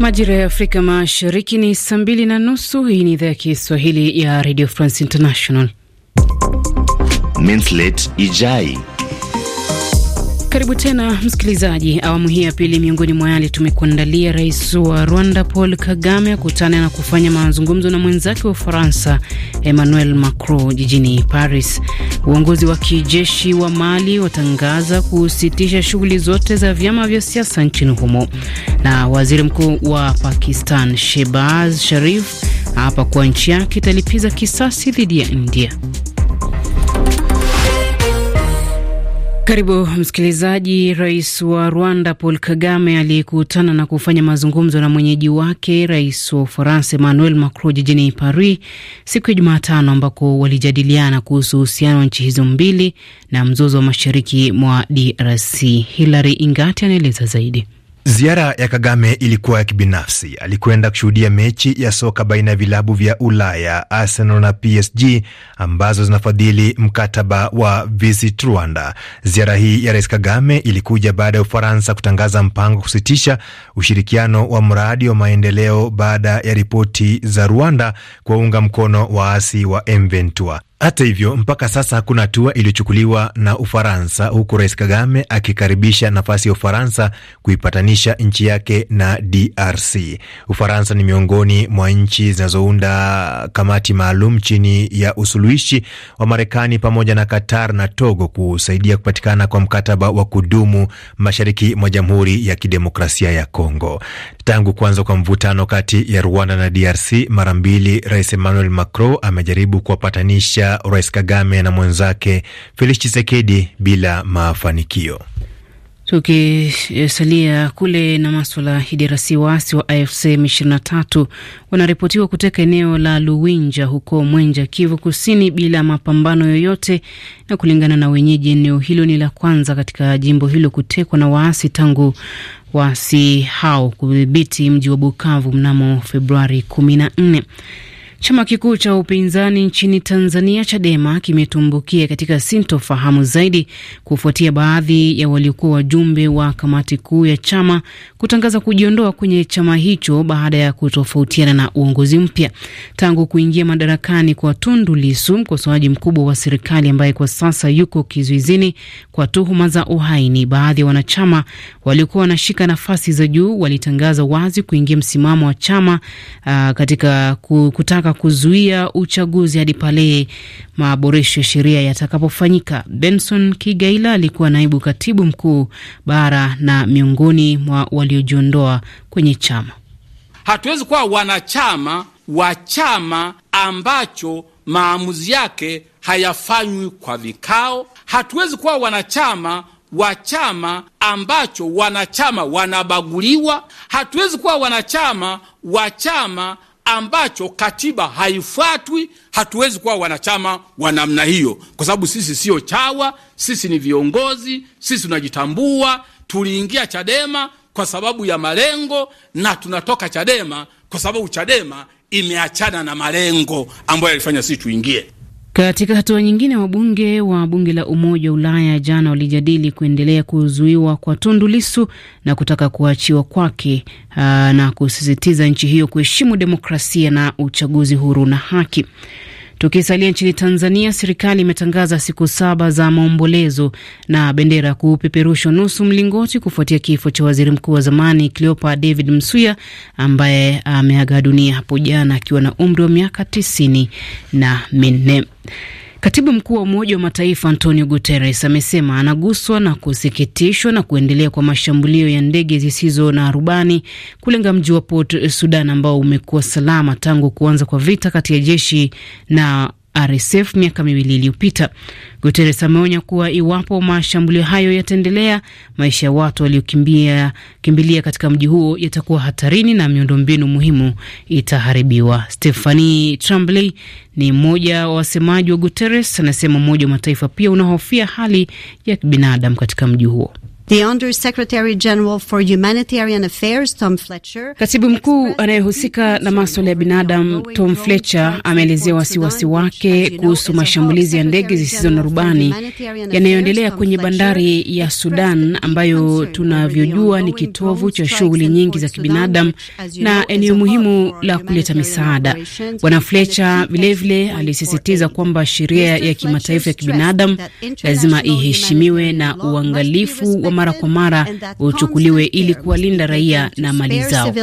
Majira ya Afrika Mashariki ni saa mbili na nusu. Hii ni idhaa ya Kiswahili ya Radio France International. minslate Ijai karibu tena msikilizaji, awamu hii ya pili. Miongoni mwa yale tumekuandalia: rais wa Rwanda Paul Kagame akutana na kufanya mazungumzo na mwenzake wa Ufaransa Emmanuel Macron jijini Paris. Uongozi wa kijeshi wa Mali watangaza kusitisha shughuli zote za vyama vya siasa nchini humo, na waziri mkuu wa Pakistan Shehbaz Sharif hapa kuwa nchi yake italipiza kisasi dhidi ya India. Karibu msikilizaji. Rais wa Rwanda Paul Kagame aliyekutana na kufanya mazungumzo na mwenyeji wake rais wa Ufaransa Emmanuel Macron jijini Paris siku ya Jumatano, ambako walijadiliana kuhusu uhusiano wa nchi hizo mbili na mzozo wa mashariki mwa DRC. Hilary Ingati anaeleza zaidi. Ziara ya Kagame ilikuwa ya kibinafsi. Alikwenda kushuhudia mechi ya soka baina ya vilabu vya Ulaya, Arsenal na PSG ambazo zinafadhili mkataba wa Visit Rwanda. Ziara hii ya Rais Kagame ilikuja baada ya Ufaransa kutangaza mpango wa kusitisha ushirikiano wa mradi wa maendeleo baada ya ripoti za Rwanda kuwaunga mkono waasi wa M23. Hata hivyo mpaka sasa hakuna hatua iliyochukuliwa na Ufaransa, huku Rais Kagame akikaribisha nafasi ya Ufaransa kuipatanisha nchi yake na DRC. Ufaransa ni miongoni mwa nchi zinazounda kamati maalum chini ya usuluhishi wa Marekani pamoja na Qatar na Togo kusaidia kupatikana kwa mkataba wa kudumu mashariki mwa Jamhuri ya Kidemokrasia ya Kongo. Tangu kuanza kwa mvutano kati ya Rwanda na DRC mara mbili, Rais Emmanuel Macron amejaribu kuwapatanisha Rais Kagame na mwenzake Felix chisekedi bila mafanikio. Tukisalia kule na maswala ya DRC, waasi wa AFC M23 wanaripotiwa kuteka eneo la Luwinja huko Mwenja, Kivu Kusini, bila mapambano yoyote, na kulingana na wenyeji, eneo hilo ni la kwanza katika jimbo hilo kutekwa na waasi tangu waasi hao kudhibiti mji wa Bukavu mnamo Februari kumi nne. Chama kikuu cha upinzani nchini Tanzania, Chadema, kimetumbukia katika sintofahamu zaidi kufuatia baadhi ya waliokuwa wajumbe wa kamati kuu ya chama kutangaza kujiondoa kwenye chama hicho baada ya kutofautiana na uongozi mpya. Tangu kuingia madarakani kwa Tundu Lisu, mkosoaji mkubwa wa serikali ambaye kwa sasa yuko kizuizini kwa tuhuma za uhaini, baadhi ya wanachama waliokuwa wanashika nafasi za juu walitangaza wazi kuingia msimamo wa chama uh, katika kutaka kutaka kuzuia uchaguzi hadi pale maboresho ya sheria yatakapofanyika. Benson Kigaila alikuwa naibu katibu mkuu bara na miongoni mwa waliojiondoa kwenye chama. Hatuwezi kuwa wanachama wa chama ambacho maamuzi yake hayafanywi kwa vikao. Hatuwezi kuwa wanachama wa chama ambacho wanachama wanabaguliwa. Hatuwezi kuwa wanachama wa chama ambacho katiba haifuatwi, hatuwezi kuwa wanachama wa namna hiyo, kwa sababu sisi sio chawa, sisi ni viongozi, sisi tunajitambua. Tuliingia Chadema kwa sababu ya malengo na tunatoka Chadema kwa sababu Chadema imeachana na malengo ambayo yalifanya sisi tuingie. Katika hatua nyingine, wabunge wa bunge la Umoja wa Ulaya jana walijadili kuendelea kuzuiwa kwa Tundu Lissu na kutaka kuachiwa kwake na kusisitiza nchi hiyo kuheshimu demokrasia na uchaguzi huru na haki. Tukisalia nchini Tanzania, serikali imetangaza siku saba za maombolezo na bendera kupeperushwa nusu mlingoti kufuatia kifo cha waziri mkuu wa zamani Cleopa David Msuya ambaye ameaga dunia hapo jana akiwa na umri wa miaka tisini na minne. Katibu mkuu wa Umoja wa Mataifa Antonio Guterres amesema anaguswa na kusikitishwa na kuendelea kwa mashambulio ya ndege zisizo na rubani kulenga mji wa Port Sudan ambao umekuwa salama tangu kuanza kwa vita kati ya jeshi na RSF miaka miwili iliyopita. Guterres ameonya kuwa iwapo mashambulio hayo yataendelea, maisha ya watu waliokimbilia kimbilia katika mji huo yatakuwa hatarini na miundombinu muhimu itaharibiwa. Stephanie Tremblay ni mmoja wa wasemaji wa Guterres, anasema Umoja wa Mataifa pia unahofia hali ya kibinadamu katika mji huo. The Secretary General for Humanitarian Affairs, Tom Fletcher, katibu mkuu anayehusika na maswala ya binadamu Tom Fletcher ameelezea wasiwasi wake kuhusu mashambulizi ya ndege zisizo na rubani yanayoendelea kwenye bandari ya Sudan ambayo tunavyojua ni kitovu cha shughuli nyingi za kibinadamu na eneo muhimu la kuleta misaada. Bwana Fletcher vilevile alisisitiza kwamba sheria ya kimataifa ya kibinadamu lazima iheshimiwe na uangalifu wa mara kwa mara uchukuliwe ili kuwalinda raia na mali zao.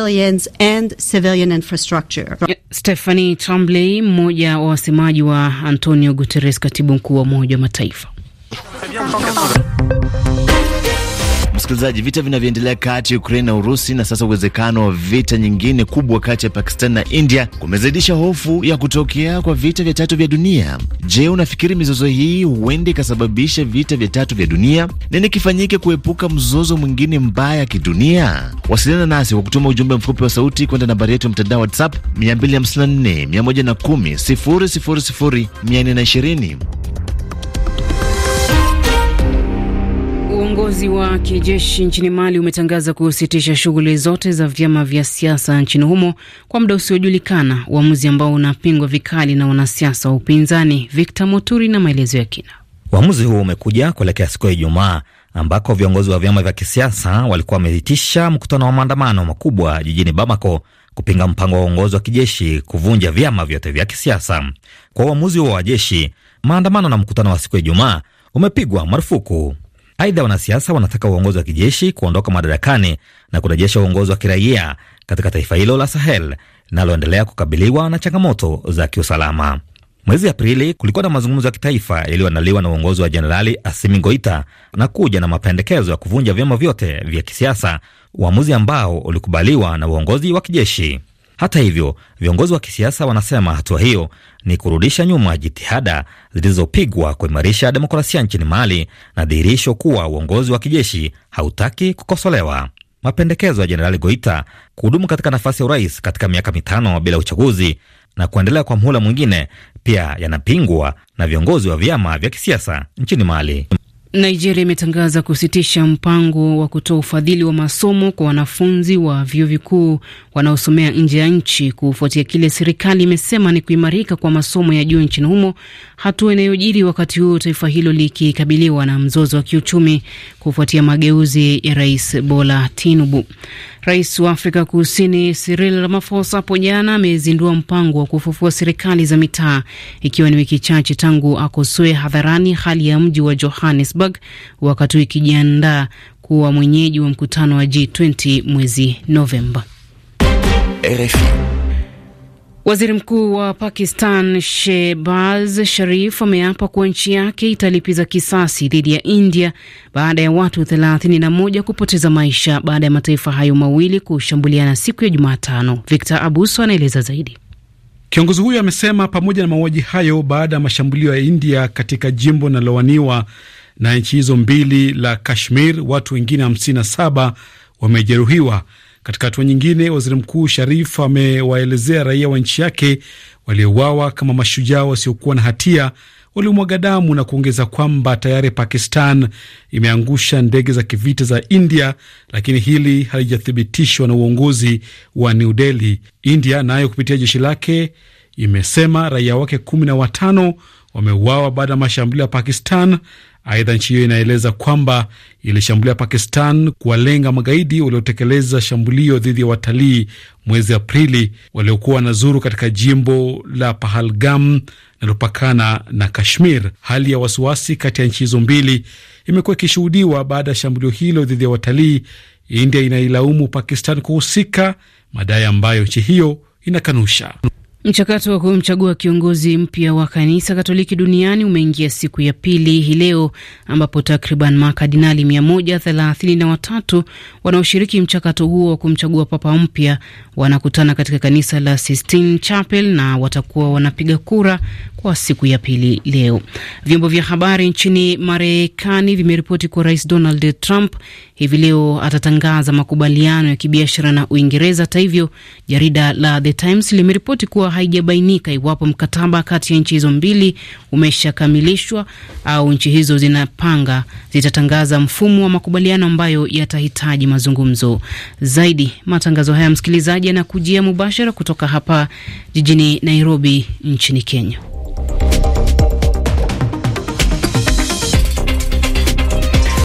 Stephanie Tremblay, mmoja wa wasemaji wa Antonio Guterres, katibu mkuu wa Umoja wa Mataifa msikilizaji, vita vinavyoendelea kati ya Ukraini na Urusi na sasa uwezekano wa vita nyingine kubwa kati ya Pakistan na India kumezidisha hofu ya kutokea kwa vita vya tatu vya dunia. Je, unafikiri mizozo hii huenda ikasababisha vita vya tatu vya dunia? Nini kifanyike kuepuka mzozo mwingine mbaya kidunia? Wasiliana nasi kwa kutuma ujumbe mfupi wa sauti kwenda nambari yetu ya mtandao WhatsApp 254 110 000 420. Uongozi wa kijeshi nchini Mali umetangaza kusitisha shughuli zote za vyama vya siasa nchini humo kwa muda usiojulikana, uamuzi ambao unapingwa vikali na wanasiasa wa upinzani. Victor Moturi na maelezo ya kina. Uamuzi huo umekuja kuelekea siku ya Ijumaa ambako viongozi wa vyama vya kisiasa walikuwa wameitisha mkutano wa maandamano makubwa jijini Bamako kupinga mpango wa uongozi wa kijeshi kuvunja vyama vyote vya kisiasa. Kwa uamuzi huo wa jeshi, maandamano na mkutano wa siku ya Ijumaa umepigwa marufuku. Aidha, wanasiasa wanataka uongozi wa kijeshi kuondoka madarakani na kurejesha uongozi wa kiraia katika taifa hilo la Sahel linaloendelea kukabiliwa na changamoto za kiusalama. Mwezi Aprili kulikuwa na mazungumzo ya kitaifa yaliyoandaliwa na uongozi wa Jenerali Asimi Goita na kuja na mapendekezo ya kuvunja vyama vyote vya kisiasa, uamuzi ambao ulikubaliwa na uongozi wa kijeshi. Hata hivyo, viongozi wa kisiasa wanasema hatua hiyo ni kurudisha nyuma jitihada zilizopigwa kuimarisha demokrasia nchini Mali na dhihirisho kuwa uongozi wa kijeshi hautaki kukosolewa. Mapendekezo ya Jenerali Goita kuhudumu katika nafasi ya urais katika miaka mitano bila uchaguzi na kuendelea kwa mhula mwingine pia yanapingwa na viongozi wa vyama vya kisiasa nchini Mali. Nigeria imetangaza kusitisha mpango wa kutoa ufadhili wa masomo kwa wanafunzi wa vyuo vikuu wanaosomea nje ya nchi kufuatia kile serikali imesema ni kuimarika kwa masomo ya juu nchini humo, hatua inayojiri wakati huo taifa hilo likikabiliwa na mzozo wa kiuchumi kufuatia mageuzi ya Rais Bola Tinubu. Rais wa Afrika Kusini Cyril Ramaphosa hapo jana amezindua mpango wa kufufua serikali za mitaa, ikiwa ni wiki chache tangu akosoe hadharani hali ya mji wa Johannesburg Johannesburg wakati ikijiandaa kuwa mwenyeji wa mkutano wa G20 mwezi Novemba. RFI. Waziri Mkuu wa Pakistan Shehbaz Sharif ameapa kuwa nchi yake italipiza kisasi dhidi ya India baada ya watu 31 kupoteza maisha baada ya mataifa hayo mawili kushambuliana siku ya Jumatano. Victor Abuso anaeleza zaidi. Kiongozi huyo amesema pamoja na mauaji hayo baada ya mashambulio ya India katika jimbo linalowaniwa na nchi hizo mbili la Kashmir. Watu wengine 57 wamejeruhiwa. Katika hatua nyingine, waziri mkuu Sharif amewaelezea raia wa nchi yake waliouawa kama mashujaa wasiokuwa na hatia waliomwaga damu na kuongeza kwamba tayari Pakistan imeangusha ndege za kivita za India, lakini hili halijathibitishwa na uongozi wa New Delhi. India nayo na kupitia jeshi lake imesema raia wake kumi na watano wameuawa baada ya mashambulio ya Pakistan Aidha, nchi hiyo inaeleza kwamba ilishambulia Pakistan kuwalenga magaidi waliotekeleza shambulio dhidi ya watalii mwezi Aprili waliokuwa wanazuru katika jimbo la Pahalgam linalopakana na Kashmir. Hali ya wasiwasi kati ya nchi hizo mbili imekuwa ikishuhudiwa baada ya shambulio hilo dhidi ya watalii. India inailaumu Pakistan kuhusika, madai ambayo nchi hiyo inakanusha. Mchakato wa kumchagua kiongozi mpya wa kanisa Katoliki duniani umeingia siku ya pili hii leo, ambapo takriban makardinali 133 wanaoshiriki mchakato huo wa kumchagua papa mpya wanakutana katika kanisa la Sistine Chapel na watakuwa wanapiga kura kwa siku ya pili leo. Vyombo vya habari nchini Marekani vimeripoti kuwa Rais Donald Trump hivi leo atatangaza makubaliano ya kibiashara na Uingereza. Hata hivyo, jarida la The Times limeripoti kuwa haijabainika iwapo mkataba kati ya nchi hizo mbili umeshakamilishwa au nchi hizo zinapanga zitatangaza mfumo wa makubaliano ambayo yatahitaji mazungumzo zaidi. Matangazo haya, msikilizaji, yanakujia mubashara kutoka hapa jijini Nairobi nchini Kenya.